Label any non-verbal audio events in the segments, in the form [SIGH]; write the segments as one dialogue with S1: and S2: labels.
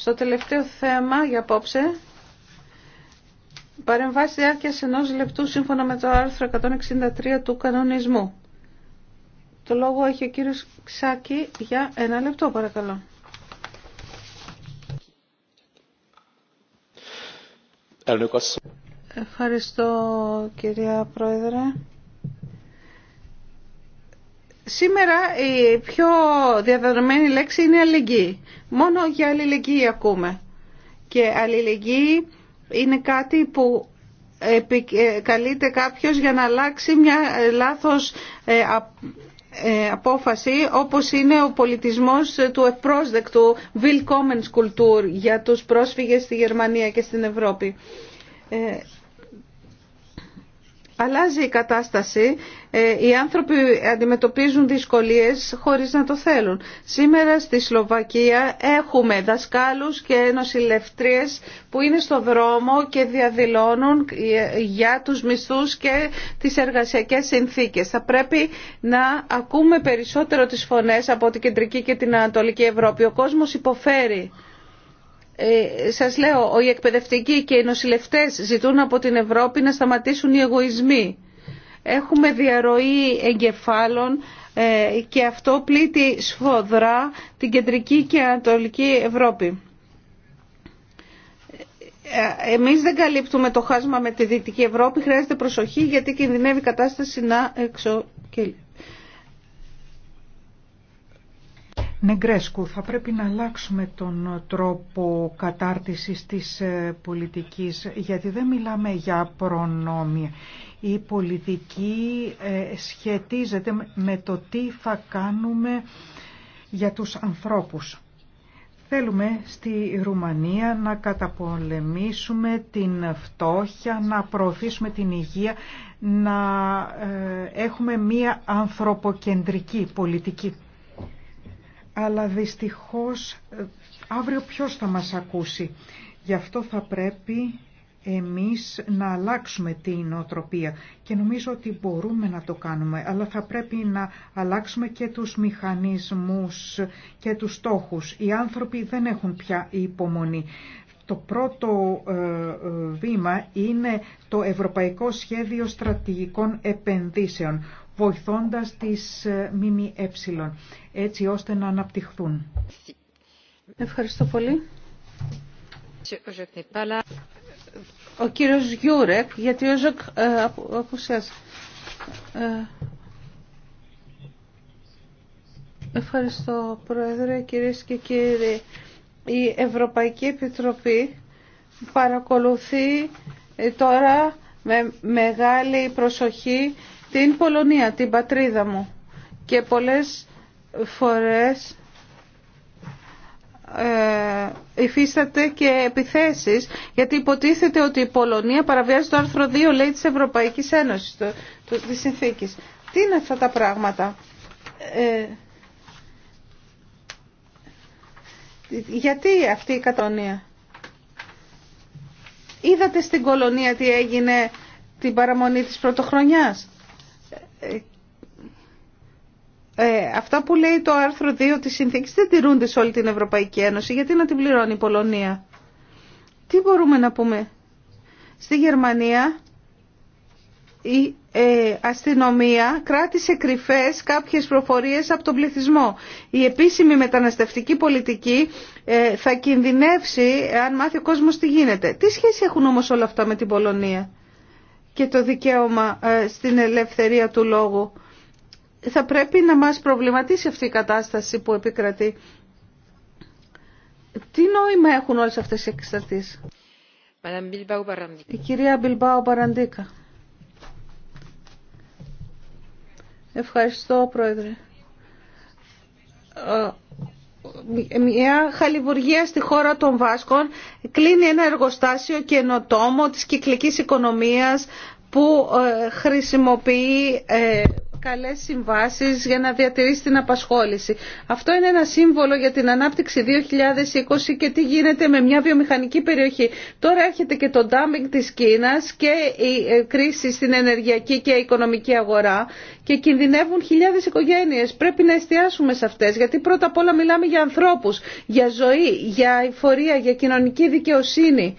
S1: Στο τελευταίο θέμα για απόψε, παρεμβάσει διάρκεια ενό λεπτού σύμφωνα με το άρθρο 163 του κανονισμού. Το λόγο έχει ο κύριος Ξάκη για ένα λεπτό παρακαλώ. Ευχαριστώ κυρία Πρόεδρε. Σήμερα η πιο διαδεδομένη λέξη είναι αλληλεγγύη. Μόνο για αλληλεγγύη ακούμε. Και αλληλεγγύη είναι κάτι που επικαλείται ε, κάποιος για να αλλάξει μια ε, λάθος ε, απόφαση όπως είναι ο πολιτισμός του ευπρόσδεκτου Willkommenskultur για τους πρόσφυγες στη Γερμανία και στην Ευρώπη αλλάζει η κατάσταση, ε, οι άνθρωποι αντιμετωπίζουν δυσκολίες χωρίς να το θέλουν. Σήμερα στη Σλοβακία έχουμε δασκάλους και νοσηλευτρίες που είναι στο δρόμο και διαδηλώνουν ε, για τους μισθούς και τις εργασιακές συνθήκες. Θα πρέπει να ακούμε περισσότερο τις φωνές από την Κεντρική και την Ανατολική Ευρώπη. Ο κόσμος υποφέρει. Ε, σας λέω, οι εκπαιδευτικοί και οι νοσηλευτές ζητούν από την Ευρώπη να σταματήσουν οι εγωισμοί. Έχουμε διαρροή εγκεφάλων ε, και αυτό πλήττει σφοδρά την κεντρική και ανατολική Ευρώπη. Ε, εμείς δεν καλύπτουμε το χάσμα με τη Δυτική Ευρώπη, χρειάζεται προσοχή γιατί κινδυνεύει η κατάσταση να εξοκέλει.
S2: Νεγκρέσκου, θα πρέπει να αλλάξουμε τον τρόπο κατάρτισης της ε, πολιτικής, γιατί δεν μιλάμε για προνόμια. Η πολιτική ε, σχετίζεται με το τι θα κάνουμε για τους ανθρώπους. Θέλουμε στη Ρουμανία να καταπολεμήσουμε την φτώχεια, να προωθήσουμε την υγεία, να ε, έχουμε μία ανθρωποκεντρική πολιτική αλλά δυστυχώς ε, αύριο ποιος θα μας ακούσει. Γι' αυτό θα πρέπει εμείς να αλλάξουμε την οτροπία και νομίζω ότι μπορούμε να το κάνουμε, αλλά θα πρέπει να αλλάξουμε και τους μηχανισμούς και τους στόχους. Οι άνθρωποι δεν έχουν πια υπομονή. Το πρώτο ε, ε, βήμα είναι το Ευρωπαϊκό Σχέδιο Στρατηγικών Επενδύσεων βοηθώντας τις ε, ΜΜΕ, έτσι ώστε να αναπτυχθούν. Ευχαριστώ πολύ. Ο κύριος Γιούρεκ,
S1: γιατί ο Ζωκ ε, ε, ευχαριστώ, Πρόεδρε, κυρίες και κύριοι. Η Ευρωπαϊκή Επιτροπή παρακολουθεί τώρα με μεγάλη προσοχή την Πολωνία, την πατρίδα μου και πολλές φορές ε, υφίσταται και επιθέσεις γιατί υποτίθεται ότι η Πολωνία παραβιάζει το άρθρο 2 λέει της Ευρωπαϊκής Ένωσης το, το, της συνθήκης. Τι είναι αυτά τα πράγματα. Ε, γιατί αυτή η κατονία. Είδατε στην κολονία τι έγινε την παραμονή της πρωτοχρονιάς. Ε, ε, αυτά που λέει το άρθρο 2 της συνθήκης δεν τηρούνται σε όλη την Ευρωπαϊκή Ένωση. Γιατί να την πληρώνει η Πολωνία. Τι μπορούμε να πούμε. Στη Γερμανία η ε, αστυνομία κράτησε κρυφές κάποιες προφορίες από τον πληθυσμό. Η επίσημη μεταναστευτική πολιτική ε, θα κινδυνεύσει αν μάθει ο κόσμος τι γίνεται. Τι σχέση έχουν όμως όλα αυτά με την Πολωνία και το δικαίωμα ε, στην ελευθερία του λόγου. Θα πρέπει να μας προβληματίσει αυτή η κατάσταση που επικρατεί. Τι νόημα έχουν όλες αυτές οι εξαρτήσεις. Η κυρία Μπιλμπάου Παραντίκα. Ευχαριστώ, Πρόεδρε. Ε, μια χαλιβουργία στη χώρα των Βάσκων κλείνει ένα εργοστάσιο καινοτόμο της κυκλικής οικονομίας που ε, χρησιμοποιεί ε, καλές συμβάσεις για να διατηρήσει την απασχόληση. Αυτό είναι ένα σύμβολο για την ανάπτυξη 2020 και τι γίνεται με μια βιομηχανική περιοχή. Τώρα έρχεται και το ντάμπινγκ της Κίνας και η ε, κρίση στην ενεργειακή και οικονομική αγορά και κινδυνεύουν χιλιάδες οικογένειες. Πρέπει να εστιάσουμε σε αυτές γιατί πρώτα απ' όλα μιλάμε για ανθρώπους, για ζωή, για εφορία, για κοινωνική δικαιοσύνη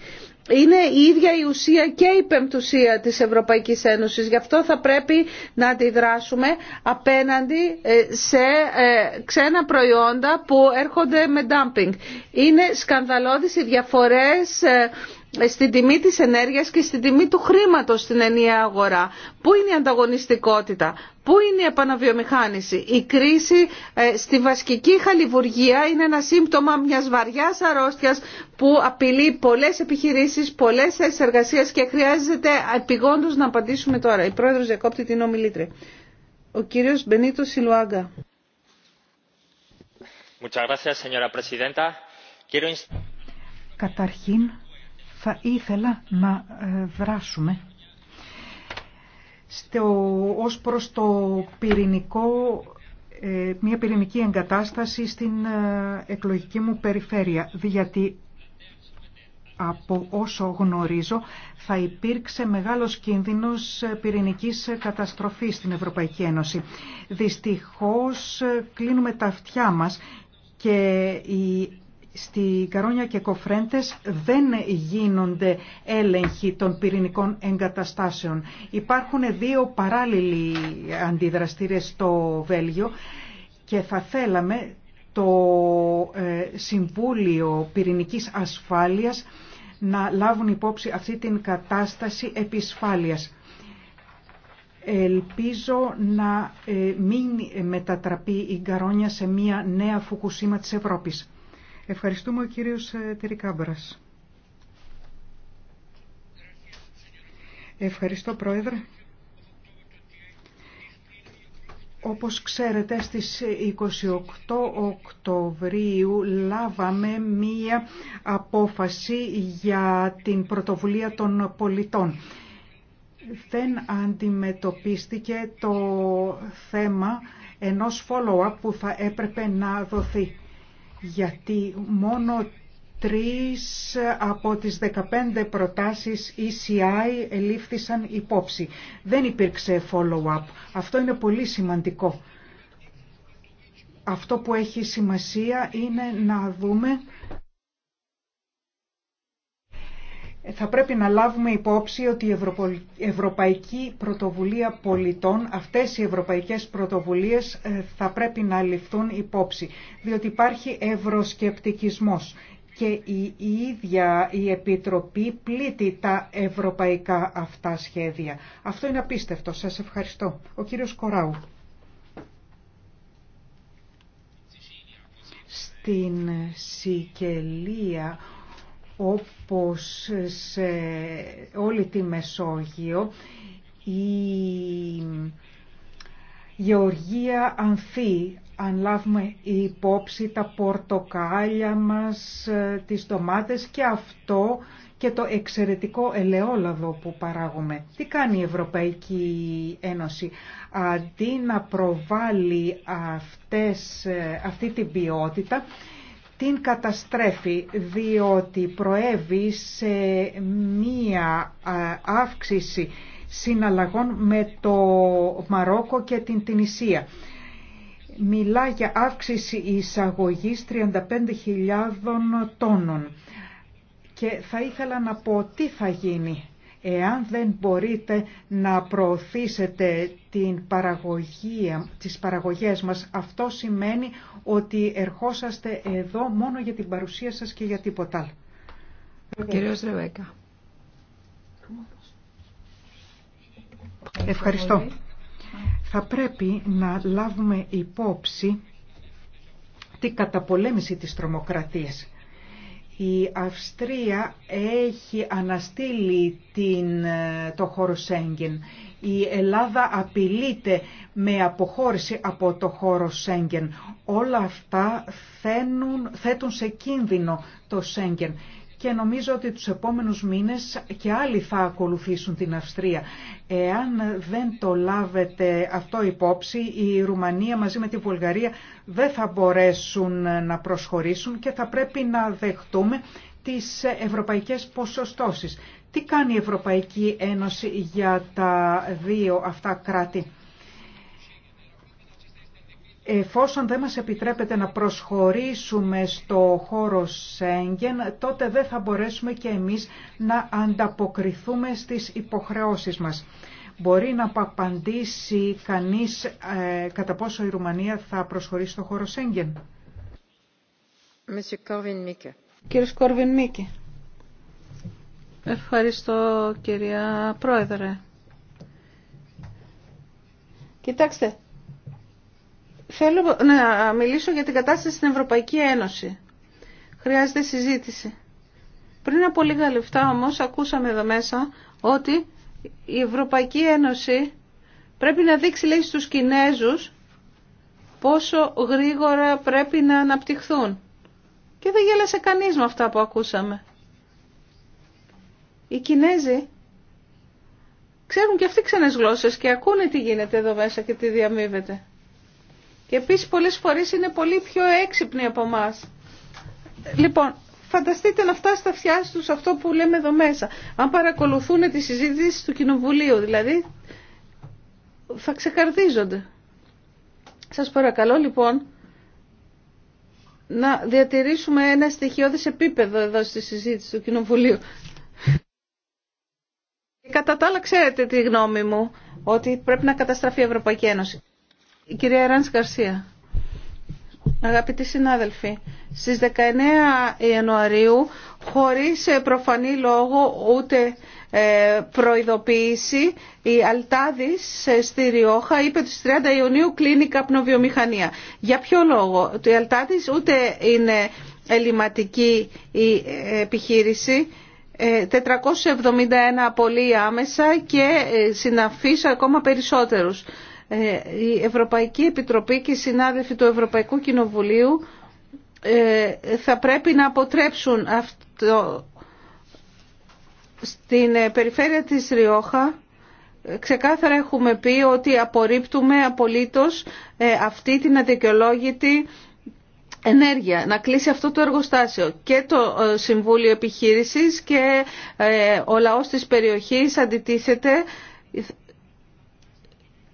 S1: είναι η ίδια η ουσία και η πεμπτουσία της Ευρωπαϊκής Ένωσης. Γι' αυτό θα πρέπει να αντιδράσουμε απέναντι ε, σε ε, ξένα προϊόντα που έρχονται με dumping. Είναι σκανδαλώδεις οι διαφορές ε, στην τιμή της ενέργειας και στην τιμή του χρήματος στην ενιαία αγορά. Πού είναι η ανταγωνιστικότητα, πού είναι η επαναβιομηχάνηση. Η κρίση ε, στη βασική χαλιβουργία είναι ένα σύμπτωμα μιας βαριάς αρρώστιας που απειλεί πολλές επιχειρήσεις, πολλές θέσεις εργασίας και χρειάζεται ε, επιγόντως να απαντήσουμε τώρα. Η πρόεδρος που απειλει πολλες επιχειρησεις πολλες θεσεις και χρειαζεται επιγοντως να απαντησουμε τωρα η προεδρος διακοπτει την ομιλήτρια. Ο κύριος Μπενίτο Σιλουάγκα.
S2: Καταρχήν, θα ήθελα να ε, δράσουμε στο, ως προς το πυρηνικό, ε, μια πυρηνική εγκατάσταση στην ε, εκλογική μου περιφέρεια, γιατί από όσο γνωρίζω θα υπήρξε μεγάλος κίνδυνος πυρηνικής καταστροφής στην Ευρωπαϊκή Ένωση. Δυστυχώς κλείνουμε τα αυτιά μας και η Στη Καρόνια και Κοφρέντες δεν γίνονται έλεγχοι των πυρηνικών εγκαταστάσεων. Υπάρχουν δύο παράλληλοι αντιδραστήρες στο Βέλγιο και θα θέλαμε το ε, Συμβούλιο Πυρηνικής Ασφάλειας να λάβουν υπόψη αυτή την κατάσταση επισφάλειας. Ελπίζω να ε, μην μετατραπεί η Γκαρόνια σε μια νέα Φουκουσίμα της Ευρώπης. Ευχαριστούμε ο κύριος ε, Τερικάμπρας. Ευχαριστώ Πρόεδρε. Όπως ξέρετε στις 28 Οκτωβρίου λάβαμε μία απόφαση για την πρωτοβουλία των πολιτών. Δεν αντιμετωπίστηκε το θέμα ενός follow-up που θα έπρεπε να δοθεί γιατί μόνο τρεις από τις 15 προτάσεις ECI ελήφθησαν υπόψη. Δεν υπήρξε follow-up. Αυτό είναι πολύ σημαντικό. Αυτό που έχει σημασία είναι να δούμε θα πρέπει να λάβουμε υπόψη ότι η Ευρωπαϊκή Πρωτοβουλία Πολιτών, αυτές οι ευρωπαϊκές πρωτοβουλίες ε, θα πρέπει να ληφθούν υπόψη, διότι υπάρχει ευρωσκεπτικισμός και η ίδια η Επιτροπή πλήττει τα ευρωπαϊκά αυτά σχέδια. Αυτό είναι απίστευτο. Σας ευχαριστώ. Ο κύριος Κοράου. Στην Σικελία όπως σε όλη τη Μεσόγειο η γεωργία ανθεί αν λάβουμε υπόψη τα πορτοκάλια μας, ε, τις ντομάτες και αυτό και το εξαιρετικό ελαιόλαδο που παράγουμε. Τι κάνει η Ευρωπαϊκή Ένωση. Αντί να προβάλλει αυτές, ε, αυτή την ποιότητα, την καταστρέφει διότι προέβη σε μία αύξηση συναλλαγών με το Μαρόκο και την Τινησία. Μιλά για αύξηση εισαγωγής 35.000 τόνων. Και θα ήθελα να πω τι θα γίνει Εάν δεν μπορείτε να προωθήσετε την παραγωγή, τις παραγωγές μας, αυτό σημαίνει ότι ερχόσαστε εδώ μόνο για την παρουσία σας και για τίποτα άλλο. Ρεβέκα.
S3: Ευχαριστώ.
S2: Θα πρέπει να λάβουμε υπόψη την καταπολέμηση της τρομοκρατίας. Η Αυστρία έχει αναστείλει την, ε, το χώρο Σέγγεν. Η Ελλάδα απειλείται με αποχώρηση από το χώρο Σέγγεν. Όλα αυτά θέτουν σε κίνδυνο το Σέγγεν και νομίζω ότι τους επόμενους μήνες και άλλοι θα ακολουθήσουν την Αυστρία. Εάν δεν το λάβετε αυτό υπόψη, η Ρουμανία μαζί με τη Βουλγαρία δεν θα μπορέσουν να προσχωρήσουν και θα πρέπει να δεχτούμε τις ευρωπαϊκές ποσοστώσεις. Τι κάνει η Ευρωπαϊκή Ένωση για τα δύο αυτά κράτη. Εφόσον δεν μας επιτρέπεται να προσχωρήσουμε στο χώρο Σέγγεν, τότε δεν θα μπορέσουμε και εμείς να ανταποκριθούμε στις υποχρεώσεις μας. Μπορεί να απαντήσει κανείς ε, κατά πόσο η Ρουμανία θα προσχωρήσει στο χώρο Σέγγεν.
S1: Κύριε Κόρβιν Μίκη. Ευχαριστώ κυρία Πρόεδρε. Κοιτάξτε, Θέλω να μιλήσω για την κατάσταση στην Ευρωπαϊκή Ένωση. Χρειάζεται συζήτηση. Πριν από λίγα λεφτά όμως ακούσαμε εδώ μέσα ότι η Ευρωπαϊκή Ένωση πρέπει να δείξει λέει στους Κινέζους πόσο γρήγορα πρέπει να αναπτυχθούν. Και δεν γέλασε κανείς με αυτά που ακούσαμε. Οι Κινέζοι ξέρουν και αυτοί ξένες γλώσσες και ακούνε τι γίνεται εδώ μέσα και τι διαμείβεται. Και επίσης πολλές φορές είναι πολύ πιο έξυπνοι από εμά. Λοιπόν, φανταστείτε να φτάσει τα αυτιά τους αυτό που λέμε εδώ μέσα. Αν παρακολουθούν τη συζήτηση του Κοινοβουλίου, δηλαδή, θα ξεκαρδίζονται. Σας παρακαλώ λοιπόν να διατηρήσουμε ένα στοιχειώδης επίπεδο εδώ στη συζήτηση του Κοινοβουλίου. Κατά τα άλλα ξέρετε τη γνώμη μου ότι πρέπει να καταστραφεί η Ευρωπαϊκή Ένωση. Η κυρία Ράνς Καρσία. Αγαπητοί συνάδελφοι, στις 19 Ιανουαρίου, χωρίς προφανή λόγο ούτε ε, προειδοποίηση, η Αλτάδης ε, στη Ριόχα είπε ότι στις 30 Ιουνίου κλείνει καπνοβιομηχανία. Για ποιο λόγο, ότι η Αλτάδης ούτε είναι ελληματική η ε, επιχείρηση, 471 απολύει άμεσα και συναφείς ακόμα περισσότερους. Ε, η Ευρωπαϊκή Επιτροπή και οι συνάδελφοι του Ευρωπαϊκού Κοινοβουλίου ε, θα πρέπει να αποτρέψουν αυτό στην ε, περιφέρεια της Ριόχα ξεκάθαρα έχουμε πει ότι απορρίπτουμε απολύτως αυτή την αδικαιολόγητη ενέργεια, να κλείσει αυτό το εργοστάσιο και το Συμβούλιο Επιχείρησης και ο λαός της περιοχής αντιτίθεται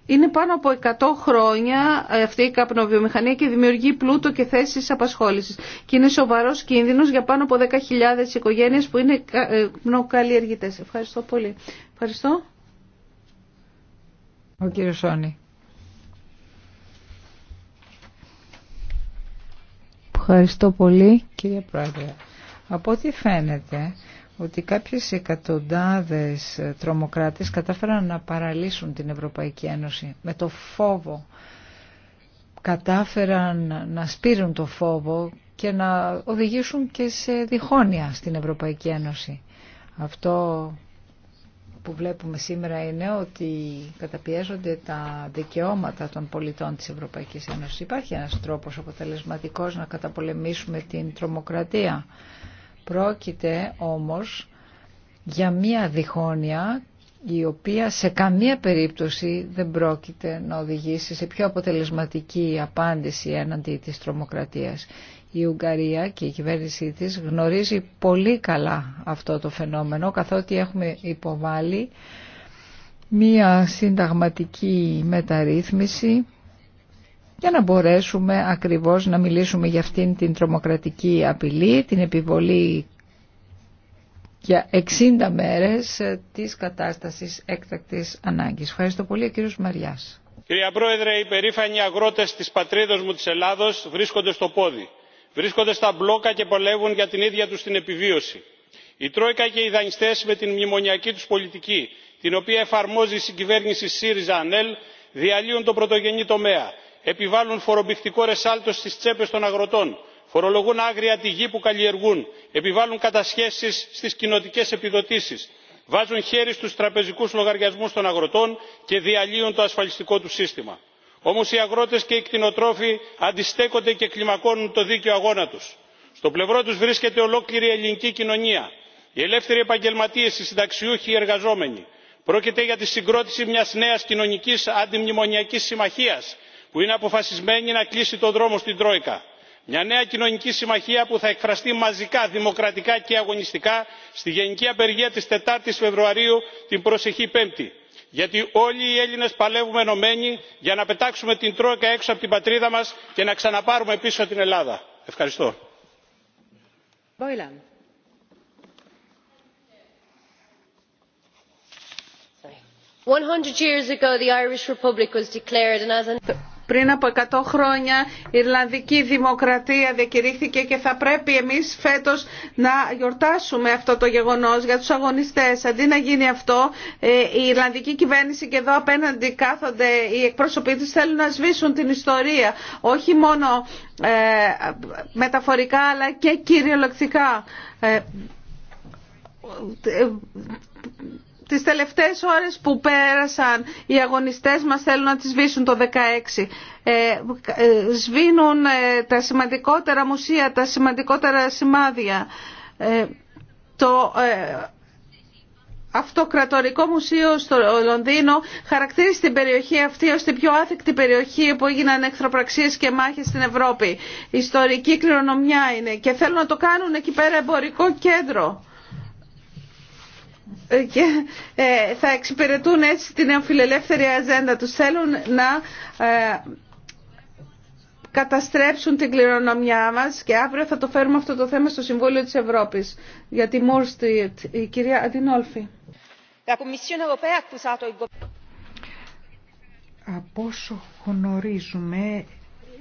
S1: είναι πάνω από 100 χρόνια αυτή η καπνοβιομηχανία και δημιουργεί πλούτο και θέσει απασχόληση. Και είναι σοβαρό κίνδυνο για πάνω από 10.000 οικογένειε που είναι ε, καλλιεργητέ. Ευχαριστώ πολύ. Ευχαριστώ.
S3: Ο κύριο Σόνη. Ευχαριστώ πολύ κύριε Πρόεδρε. Από ό,τι φαίνεται ότι κάποιες εκατοντάδες ε, τρομοκράτες κατάφεραν να παραλύσουν την Ευρωπαϊκή Ένωση με το φόβο. Κατάφεραν να σπείρουν το φόβο και να οδηγήσουν και σε διχόνοια στην Ευρωπαϊκή Ένωση. Αυτό που βλέπουμε σήμερα είναι ότι καταπιέζονται τα δικαιώματα των πολιτών της Ευρωπαϊκής Ένωσης. Υπάρχει ένας τρόπος αποτελεσματικός να καταπολεμήσουμε την τρομοκρατία. Πρόκειται όμως για μία διχόνοια η οποία σε καμία περίπτωση δεν πρόκειται να οδηγήσει σε πιο αποτελεσματική απάντηση έναντι της τρομοκρατίας. Η Ουγγαρία και η κυβέρνησή της γνωρίζει πολύ καλά αυτό το φαινόμενο καθότι έχουμε υποβάλει μία συνταγματική μεταρρύθμιση για να μπορέσουμε ακριβώς να μιλήσουμε για αυτήν την τρομοκρατική απειλή, την επιβολή για 60 μέρες της κατάστασης έκτακτης ανάγκης. Ευχαριστώ πολύ, κύριος Μαριάς.
S4: Κυρία Πρόεδρε, οι περήφανοι αγρότες της πατρίδος μου της Ελλάδος βρίσκονται στο πόδι. Βρίσκονται στα μπλόκα και πολεύουν για την ίδια τους την επιβίωση. Η Τρόικα και οι δανειστές με την μνημονιακή τους πολιτική, την οποία εφαρμόζει η συγκυβέρνηση ΣΥΡΙΖΑ-ΑΝΕΛ, διαλύουν το πρωτογενή τομέα επιβάλλουν φορομπηκτικό ρεσάλτο στις τσέπες των αγροτών φορολογούν άγρια τη γη που καλλιεργούν επιβάλλουν κατασχέσεις στις κοινοτικές επιδοτήσεις βάζουν χέρι στους τραπεζικούς λογαριασμούς των αγροτών και διαλύουν το ασφαλιστικό του σύστημα. όμως οι αγρότες και οι κτηνοτρόφοι αντιστέκονται και κλιμακώνουν το δίκαιο αγώνα τους. στο πλευρό τους βρίσκεται ολόκληρη η ελληνική κοινωνία οι ελεύθεροι επαγγελματίες οι συνταξιούχοι οι εργαζόμενοι. πρόκειται για τη συγκρότηση μιας νέας κοινωνικής αντιμνημονιακής συμμαχίας που είναι αποφασισμένη να κλείσει τον δρόμο στην τρόικα μια νέα κοινωνική συμμαχία που θα εκφραστεί μαζικά δημοκρατικά και αγωνιστικά στη γενική απεργία της 4 η Φεβρουαρίου την προσεχή Πέμπτη. Γιατί όλοι οι Έλληνες παλεύουμε ενωμένοι για να πετάξουμε την Τρόικα έξω από την πατρίδα μας και να ξαναπάρουμε πίσω την Ελλάδα. Ευχαριστώ.
S1: Πριν από 100 χρόνια η Ιρλανδική Δημοκρατία διακηρύχθηκε και θα πρέπει εμείς φέτος να γιορτάσουμε αυτό το γεγονός για τους αγωνιστές. Αντί να γίνει αυτό, ε, η Ιρλανδική κυβέρνηση και εδώ απέναντι κάθονται οι εκπρόσωποι της θέλουν να σβήσουν την ιστορία. Όχι μόνο ε, μεταφορικά αλλά και κυριολεκτικά. Ε, τις τελευταίες ώρες που πέρασαν οι αγωνιστές μας θέλουν να τις σβήσουν το 16. Ε, ε, σβήνουν ε, τα σημαντικότερα μουσεία, τα σημαντικότερα σημάδια. Ε, το ε, Αυτοκρατορικό Μουσείο στο Λονδίνο χαρακτήρισε την περιοχή αυτή ως την πιο άθικτη περιοχή που έγιναν εχθροπραξίες και μάχες στην Ευρώπη. Ιστορική κληρονομιά είναι και θέλουν να το κάνουν εκεί πέρα εμπορικό κέντρο και ε, θα εξυπηρετούν έτσι την αμφιλελεύθερη αζέντα τους. Θέλουν να ε, καταστρέψουν την κληρονομιά μας και αύριο θα το φέρουμε αυτό το θέμα στο Συμβούλιο της Ευρώπης για τη η κυρία Αντινόλφη.
S2: Από όσο γνωρίζουμε,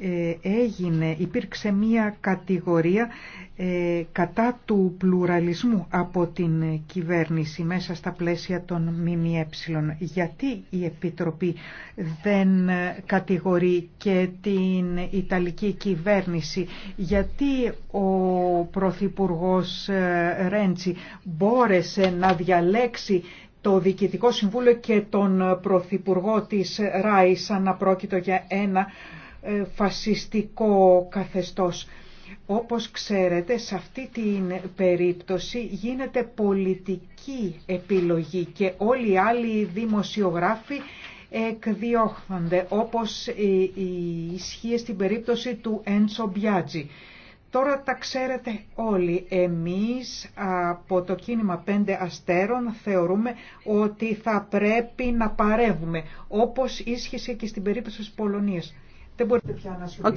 S2: ε, έγινε, υπήρξε μία κατηγορία ε, κατά του πλουραλισμού από την κυβέρνηση μέσα στα πλαίσια των ΜΜΕ. Γιατί η Επιτροπή δεν κατηγορεί και την Ιταλική κυβέρνηση, γιατί ο Πρωθυπουργός ε, Ρέντσι μπόρεσε να διαλέξει το Διοικητικό Συμβούλιο και τον Πρωθυπουργό της Ράισα να πρόκειτο για ένα ε, φασιστικό καθεστώς. Όπως ξέρετε, σε αυτή την περίπτωση γίνεται πολιτική επιλογή και όλοι οι άλλοι δημοσιογράφοι εκδιώχθονται, όπως ε, ε, ισχύει στην περίπτωση του Έντσο Μπιάτζη. Τώρα τα ξέρετε όλοι. Εμείς από το κίνημα 5 αστέρων θεωρούμε ότι θα πρέπει να παρεύουμε, όπως ίσχυσε και στην περίπτωση της Πολωνίας. Δεν μπορείτε Ο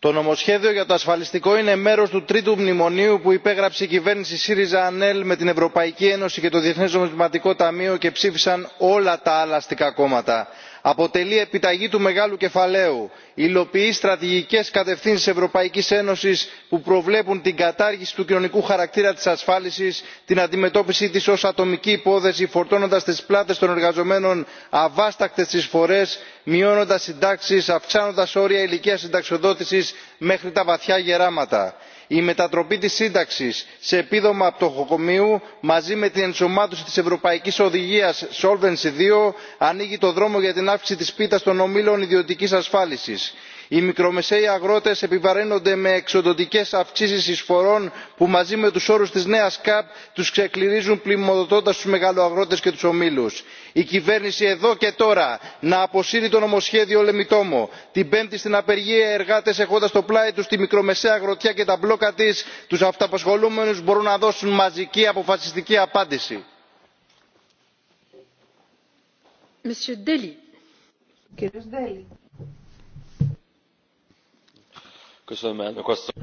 S5: Το νομοσχέδιο για το ασφαλιστικό είναι μέρο του τρίτου μνημονίου που υπέγραψε η κυβέρνηση ΣΥΡΙΖΑ ΑΝΕΛ με την Ευρωπαϊκή Ένωση και το Διεθνέ Νομισματικό Ταμείο και ψήφισαν όλα τα άλλα αστικά κόμματα αποτελεί επιταγή του μεγάλου κεφαλαίου υλοποιεί στρατηγικές κατευθύνσεις ευρωπαϊκής ένωσης που προβλέπουν την κατάργηση του κοινωνικού χαρακτήρα της ασφάλισης την αντιμετώπιση της ως ατομική υπόθεση φορτώνοντας στις πλάτες των εργαζομένων αβάστακτες εισφορές μειώνοντας συντάξεις αυξάνοντας όρια ηλικίας συνταξιοδότησης μέχρι τα βαθιά γεράματα η μετατροπή της σύνταξης σε επίδομα πτωχοκομείου μαζί με την ενσωμάτωση της ευρωπαϊκής οδηγίας solvency ii ανοίγει το δρόμο για την αύξηση της πίτας των ομίλων ιδιωτικής ασφάλισης οι μικρομεσαίοι αγρότες επιβαρύνονται με εξοδοτικές αυξήσεις εισφορών που μαζί με τους όρους της νέας καπ τους ξεκληρίζουν πλημμυροδοτώντας τους μεγαλοαγρότες και τους ομίλους. η κυβέρνηση εδώ και τώρα να αποσύρει το νομοσχέδιο λεμιτόμο την πέμπτη στην απεργία οι εργάτες έχοντας στο πλάι τους τη μικρομεσαία αγροτιά και τα μπλόκα της τους αυταπασχολούμενους μπορούν να δώσουν μαζική αποφασιστική απάντηση.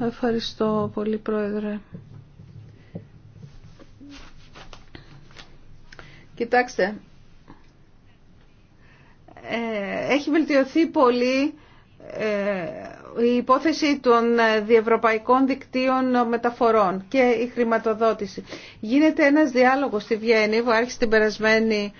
S1: Ευχαριστώ πολύ, Πρόεδρε. Κοιτάξτε, ε, έχει βελτιωθεί πολύ ε, η υπόθεση των διευρωπαϊκών δικτύων μεταφορών και η χρηματοδότηση. Γίνεται ένας διάλογος στη Βιέννη που άρχισε την περασμένη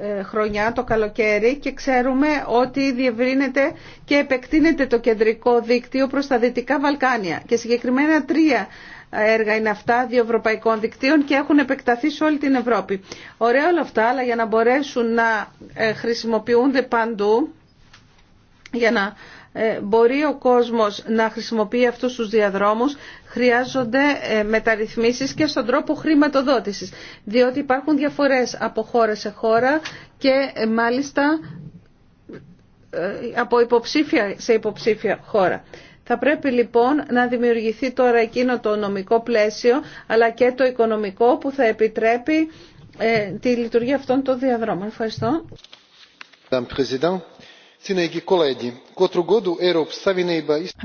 S1: ε, χρονιά το καλοκαίρι και ξέρουμε ότι διευρύνεται και επεκτείνεται το κεντρικό δίκτυο προς τα Δυτικά Βαλκάνια και συγκεκριμένα τρία έργα είναι αυτά δύο ευρωπαϊκών δικτύων και έχουν επεκταθεί σε όλη την Ευρώπη. Ωραία όλα αυτά, αλλά για να μπορέσουν να ε, χρησιμοποιούνται παντού, για να ε, μπορεί ο κόσμος να χρησιμοποιεί αυτούς τους διαδρόμους χρειάζονται ε, μεταρρυθμίσεις και στον τρόπο χρηματοδότησης διότι υπάρχουν διαφορές από χώρα σε χώρα και ε, μάλιστα από υποψήφια σε υποψήφια χώρα. Θα πρέπει λοιπόν να δημιουργηθεί τώρα εκείνο το νομικό πλαίσιο αλλά και το οικονομικό που θα επιτρέπει τη λειτουργία αυτών των διαδρόμων. Ευχαριστώ.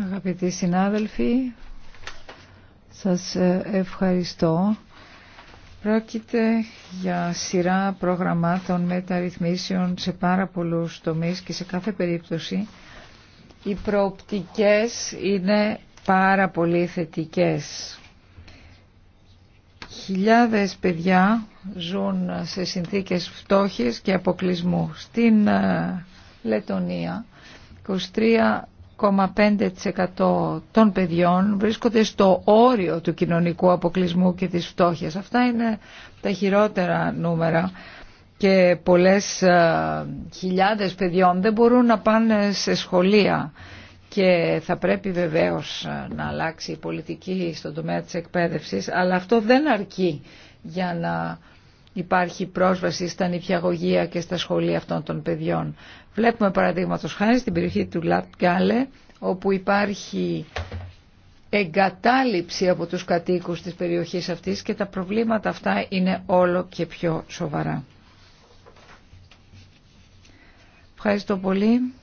S3: Αγαπητοί συνάδελφοι, σας ε, ευχαριστώ. Πρόκειται για σειρά προγραμμάτων μεταρρυθμίσεων σε πάρα πολλούς τομείς και σε κάθε περίπτωση οι προοπτικές είναι πάρα πολύ θετικές. Χιλιάδες παιδιά ζουν σε συνθήκες φτώχειας και αποκλεισμού. Στην ε, Λετωνία 23,5% των παιδιών βρίσκονται στο όριο του κοινωνικού αποκλεισμού και της φτώχειας. Αυτά είναι τα χειρότερα νούμερα και πολλές ε, χιλιάδες παιδιών δεν μπορούν να πάνε σε σχολεία και θα πρέπει βεβαίως ε, να αλλάξει η πολιτική στον τομέα της εκπαίδευσης αλλά αυτό δεν αρκεί για να υπάρχει πρόσβαση στα νηπιαγωγεία και στα σχολεία αυτών των παιδιών. Βλέπουμε παραδείγματος χάρη στην περιοχή του Λατγκάλε όπου υπάρχει εγκατάλειψη από τους κατοίκους της περιοχής αυτής και τα προβλήματα αυτά είναι όλο και πιο σοβαρά. Ευχαριστώ πολύ.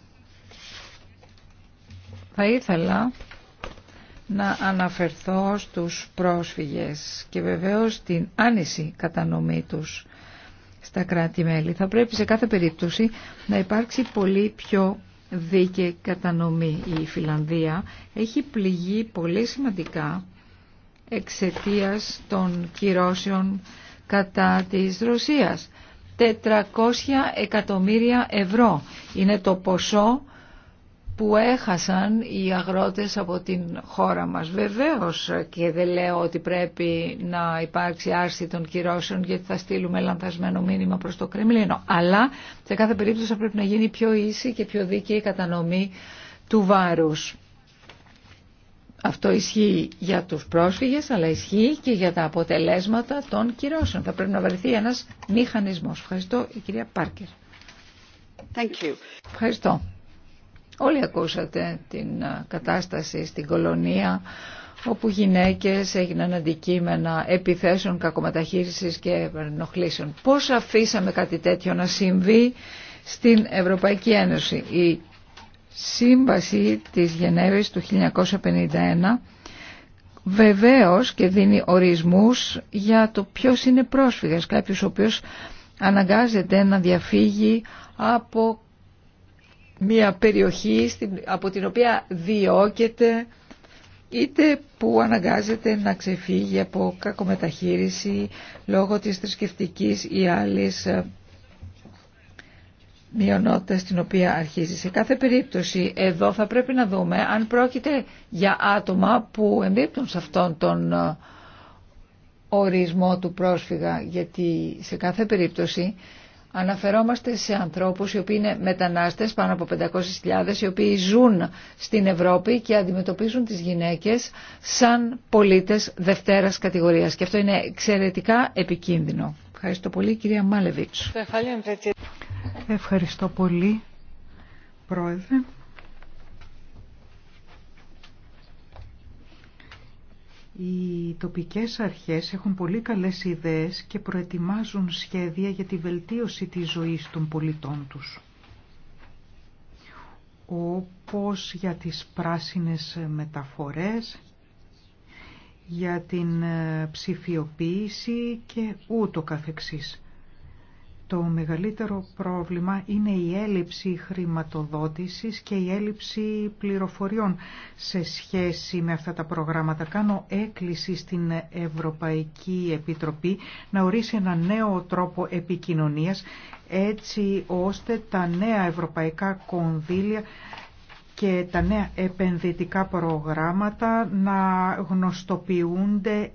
S3: Θα ήθελα να αναφερθώ στους πρόσφυγες και βεβαίως την άνηση κατανομή τους στα κράτη-μέλη. Θα πρέπει σε κάθε περίπτωση να υπάρξει πολύ πιο δίκαιη κατανομή. Η Φιλανδία έχει πληγεί πολύ σημαντικά εξαιτίας των κυρώσεων κατά της Ρωσίας. 400 εκατομμύρια ευρώ είναι το ποσό που έχασαν οι αγρότες από την χώρα μας. Βεβαίως και δεν λέω ότι πρέπει να υπάρξει άρση των κυρώσεων γιατί θα στείλουμε λανθασμένο μήνυμα προς το Κρεμλίνο. Αλλά σε κάθε περίπτωση θα πρέπει να γίνει πιο ίση και πιο δίκαιη η κατανομή του βάρους. Αυτό ισχύει για τους πρόσφυγες αλλά ισχύει και για τα αποτελέσματα των κυρώσεων. Θα πρέπει να βρεθεί ένας μηχανισμός. Ευχαριστώ η κυρία Πάρκερ. Thank you. Ευχαριστώ. Όλοι ακούσατε την κατάσταση στην κολονία όπου γυναίκες έγιναν αντικείμενα επιθέσεων, κακομεταχείρισης και ενοχλήσεων. Πώς αφήσαμε κάτι τέτοιο να συμβεί στην Ευρωπαϊκή Ένωση. Η σύμβαση της Γενέβης του 1951 βεβαίως και δίνει ορισμούς για το ποιος είναι πρόσφυγας, κάποιος ο οποίος αναγκάζεται να διαφύγει από μια περιοχή από την οποία διώκεται είτε που αναγκάζεται να ξεφύγει από κακομεταχείριση λόγω της θρησκευτική ή άλλης ε, μειονότητας την οποία αρχίζει. Σε κάθε περίπτωση εδώ θα πρέπει να δούμε αν πρόκειται για άτομα που εμπίπτουν σε αυτόν τον ε, ορισμό του πρόσφυγα γιατί σε κάθε περίπτωση Αναφερόμαστε σε ανθρώπους οι οποίοι είναι μετανάστες, πάνω από 500.000, οι οποίοι ζουν στην Ευρώπη και αντιμετωπίζουν τις γυναίκες σαν πολίτες δευτέρας κατηγορίας. Και αυτό είναι εξαιρετικά επικίνδυνο. Ευχαριστώ πολύ κυρία Μάλεβιτς. Ευχαριστώ πολύ πρόεδρε.
S2: Οι τοπικές αρχές έχουν πολύ καλές ιδέες και προετοιμάζουν σχέδια για τη βελτίωση της ζωής των πολιτών τους. Όπως για τις πράσινες μεταφορές, για την ψηφιοποίηση και ούτω καθεξής. Το μεγαλύτερο πρόβλημα είναι η έλλειψη χρηματοδότησης και η έλλειψη πληροφοριών σε σχέση με αυτά τα προγράμματα. Κάνω έκκληση στην Ευρωπαϊκή Επιτροπή να ορίσει ένα νέο τρόπο επικοινωνίας έτσι ώστε τα νέα ευρωπαϊκά κονδύλια και τα νέα επενδυτικά προγράμματα να γνωστοποιούνται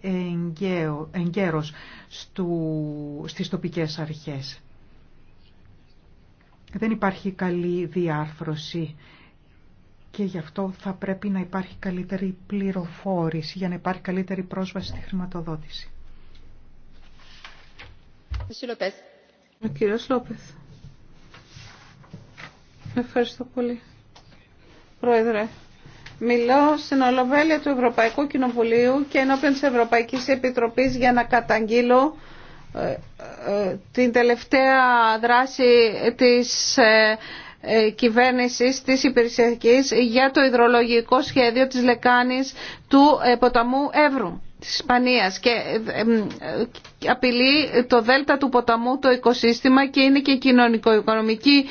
S2: εγκαίρως στις τοπικές αρχές. Δεν υπάρχει καλή διάρθρωση και γι' αυτό θα πρέπει να υπάρχει καλύτερη πληροφόρηση για να υπάρχει καλύτερη πρόσβαση στη χρηματοδότηση. Ο κύριος Λόπεθ.
S1: Ευχαριστώ πολύ. Πρόεδρε. Μιλώ στην Ολοβέλεια του Ευρωπαϊκού Κοινοβουλίου και ενώπιον της Ευρωπαϊκής Επιτροπής για να καταγγείλω ε, ε, την τελευταία δράση της ε, κυβέρνησης της υπηρεσιακής για το υδρολογικό σχέδιο της λεκάνης του ποταμού Εύρου της Ισπανίας και ε, ε, ε, απειλεί το δέλτα του ποταμού το οικοσύστημα και είναι και κοινωνικο-οικονομική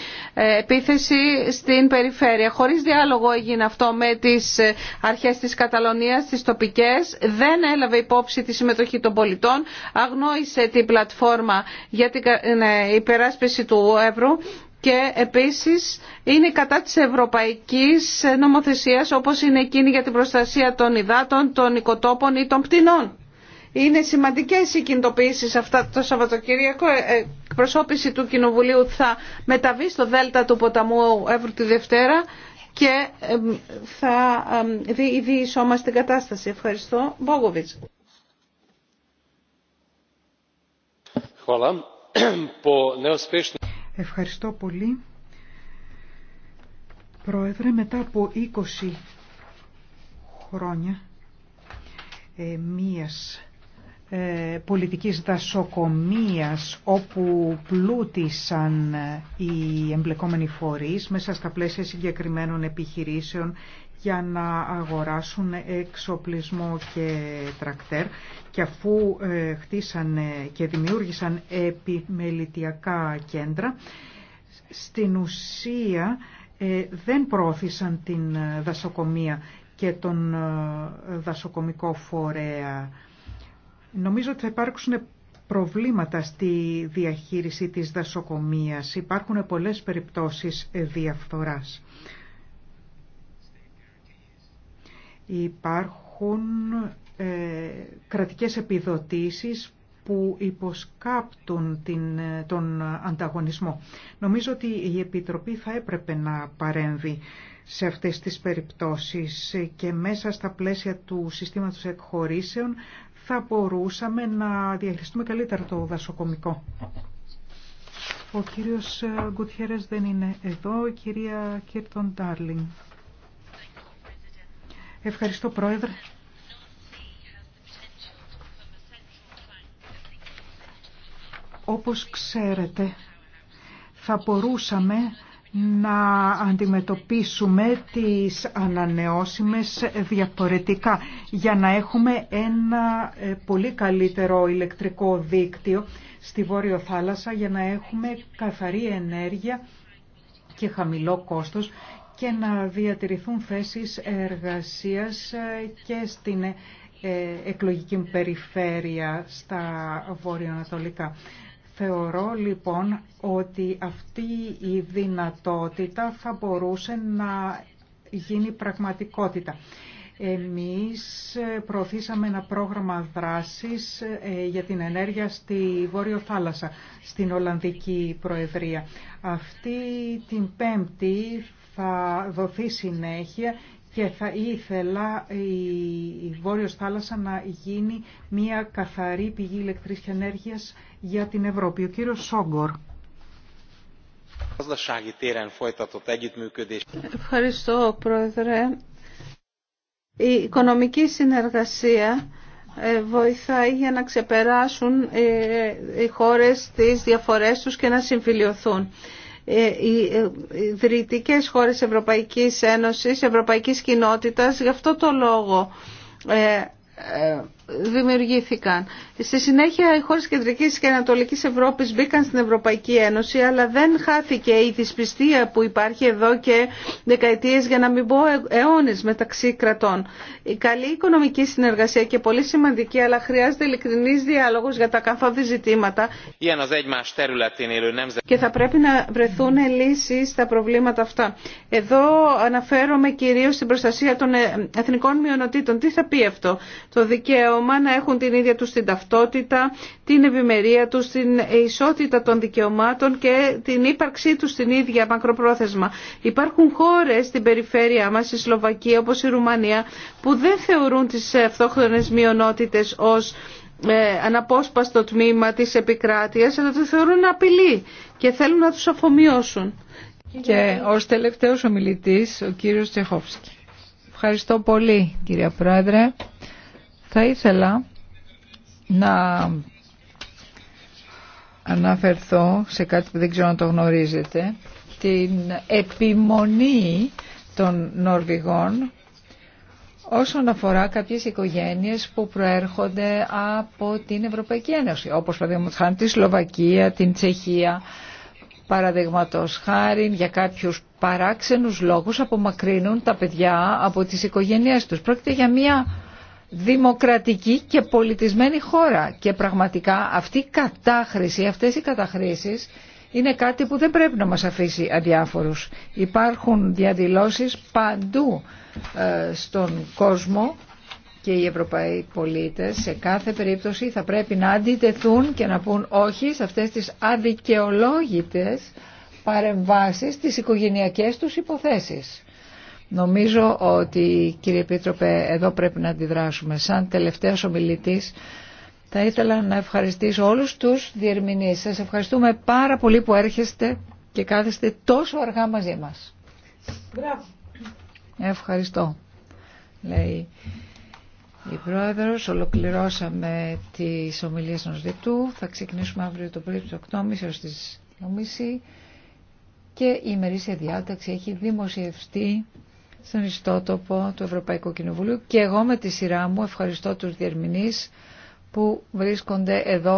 S1: επίθεση στην περιφέρεια. Χωρίς διάλογο έγινε αυτό με τις αρχές της Καταλωνίας, τις τοπικές. Δεν έλαβε υπόψη τη συμμετοχή των πολιτών, αγνόησε την πλατφόρμα για την ναι, υπεράσπιση του εύρου και επίσης είναι κατά της ευρωπαϊκής νομοθεσίας όπως είναι εκείνη για την προστασία των υδάτων, των οικοτόπων ή των πτηνών. Είναι σημαντικές οι κινητοποιήσεις αυτά το Σαββατοκυριακό. Ε, ε, Προσώπηση του Κοινοβουλίου θα μεταβεί στο Δέλτα του ποταμού Εύρου τη Δευτέρα και θα διεισόμαστε την κατάσταση. Ευχαριστώ.
S4: [CLEARS THROAT]
S2: Ευχαριστώ πολύ. Πρόεδρε, μετά από 20 χρόνια ε, μίας ε, πολιτικής δασοκομείας όπου πλούτησαν ε, οι εμπλεκόμενοι φορείς μέσα στα πλαίσια συγκεκριμένων επιχειρήσεων για να αγοράσουν εξοπλισμό και τρακτέρ και αφού ε, χτίσανε και δημιούργησαν επιμελητιακά κέντρα, στην ουσία ε, δεν πρόωθησαν την ε, δασοκομεία και τον δασοκομικό φορέα. Νομίζω ότι θα υπάρξουν προβλήματα στη διαχείριση της δασοκομείας. Υπάρχουν πολλές περιπτώσεις διαφθοράς. Υπάρχουν ε, κρατικές επιδοτήσεις που υποσκάπτουν την, τον ανταγωνισμό. Νομίζω ότι η Επιτροπή θα έπρεπε να παρέμβει σε αυτές τις περιπτώσεις και μέσα στα πλαίσια του συστήματος εκχωρήσεων θα μπορούσαμε να διαχειριστούμε καλύτερα το δασοκομικό. Ο κύριος Γκουτιέρες δεν είναι εδώ, η κυρία Κίρτον Τάρλινγκ Ευχαριστώ Πρόεδρε. Όπως ξέρετε, θα μπορούσαμε να αντιμετωπίσουμε τις ανανεώσιμες διαφορετικά για να έχουμε ένα ε, πολύ καλύτερο ηλεκτρικό δίκτυο στη Βόρειο Θάλασσα για να έχουμε καθαρή ενέργεια και χαμηλό κόστος και να διατηρηθούν θέσεις εργασίας ε, και στην ε, εκλογική περιφέρεια στα βορειοανατολικά. Θεωρώ λοιπόν ότι αυτή η δυνατότητα θα μπορούσε να γίνει πραγματικότητα. Εμείς ε, προωθήσαμε ένα πρόγραμμα δράσης για την ενέργεια στη Βόρειο Θάλασσα, στην Ολλανδική Προεδρία. Αυτή την Πέμπτη θα δοθεί συνέχεια και θα ήθελα η Βόρειος Θάλασσα να γίνει μια καθαρή πηγή ηλεκτρικής ενέργειας για την Ευρώπη. Ο κύριος Σόγκορ. Ευχαριστώ, Πρόεδρε.
S1: Η οικονομική συνεργασία ε, βοηθάει για να ξεπεράσουν ε, οι χώρες τις διαφορές τους και να συμφιλειωθούν. Ε, οι ε, ιδρυτικές χώρες Ευρωπαϊκής Ένωσης, Ευρωπαϊκής Κοινότητας. Γι' αυτό το λόγο ε, δημιουργήθηκαν. Στη συνέχεια οι χώρες Κεντρικής και Ανατολικής Ευρώπης μπήκαν στην Ευρωπαϊκή Ένωση αλλά δεν χάθηκε η δυσπιστία που υπάρχει εδώ και δεκαετίες για να μην πω ε, αιώνες μεταξύ κρατών. Η καλή οικονομική συνεργασία και πολύ σημαντική αλλά χρειάζεται ειλικρινής διάλογος για τα καθόδη ζητήματα και θα πρέπει να βρεθούν λύσεις στα προβλήματα αυτά. Εδώ αναφέρομαι κυρίως στην προστασία των ε, εθνικών μειονοτήτων. Τι θα πει αυτό το δικαίωμα δικαίωμα να έχουν την ίδια τους την ταυτότητα, την ευημερία τους, την ισότητα των δικαιωμάτων και την ύπαρξή τους στην ίδια μακροπρόθεσμα. Υπάρχουν χώρες στην περιφέρεια μας, η Σλοβακία όπως η Ρουμανία, που δεν θεωρούν τις αυτόχθονες μειονότητες ως ε, αναπόσπαστο τμήμα της επικράτειας, αλλά το θεωρούν απειλή και θέλουν να τους αφομοιώσουν.
S3: Και ως τελευταίος ομιλητής, ο κύριος Τσεχόφσκι. Ευχαριστώ πολύ, κυρία Πρόεδρε. Θα ήθελα να αναφερθώ σε κάτι που δεν ξέρω αν το γνωρίζετε, την επιμονή των Νορβηγών όσον αφορά κάποιες οικογένειες που προέρχονται από την Ευρωπαϊκή Ένωση, όπως παραδείγματος χάρη τη Σλοβακία, την Τσεχία, παραδείγματο χάρη για κάποιους παράξενους λόγους απομακρύνουν τα παιδιά από τις οικογένειές τους. Πρόκειται για μια δημοκρατική και πολιτισμένη χώρα. Και πραγματικά αυτή η κατάχρηση, αυτές οι καταχρήσεις είναι κάτι που δεν πρέπει να μας αφήσει αδιάφορους. Υπάρχουν διαδηλώσεις παντού ε, στον κόσμο και οι Ευρωπαίοι πολίτες σε κάθε περίπτωση θα πρέπει να αντιτεθούν και να πούν όχι σε αυτές τις αδικαιολόγητες παρεμβάσεις στις οικογενειακές τους υποθέσεις. Νομίζω ότι κύριε Επίτροπε εδώ πρέπει να αντιδράσουμε. Σαν τελευταίος ομιλητής θα ήθελα να ευχαριστήσω όλους τους διερμηνείς. Σας ευχαριστούμε πάρα πολύ που έρχεστε και κάθεστε τόσο αργά μαζί μας. Ευχαριστώ, λέει η Πρόεδρος. Ολοκληρώσαμε τις ομιλίες των ΣΔΙΤΟΥ. Θα ξεκινήσουμε αύριο το πρωί στις 8.30 έως τις και η ημερήσια διάταξη έχει δημοσιευστεί στον ιστότοπο του Ευρωπαϊκού Κοινοβουλίου και εγώ με τη σειρά μου ευχαριστώ τους διερμηνείς που βρίσκονται εδώ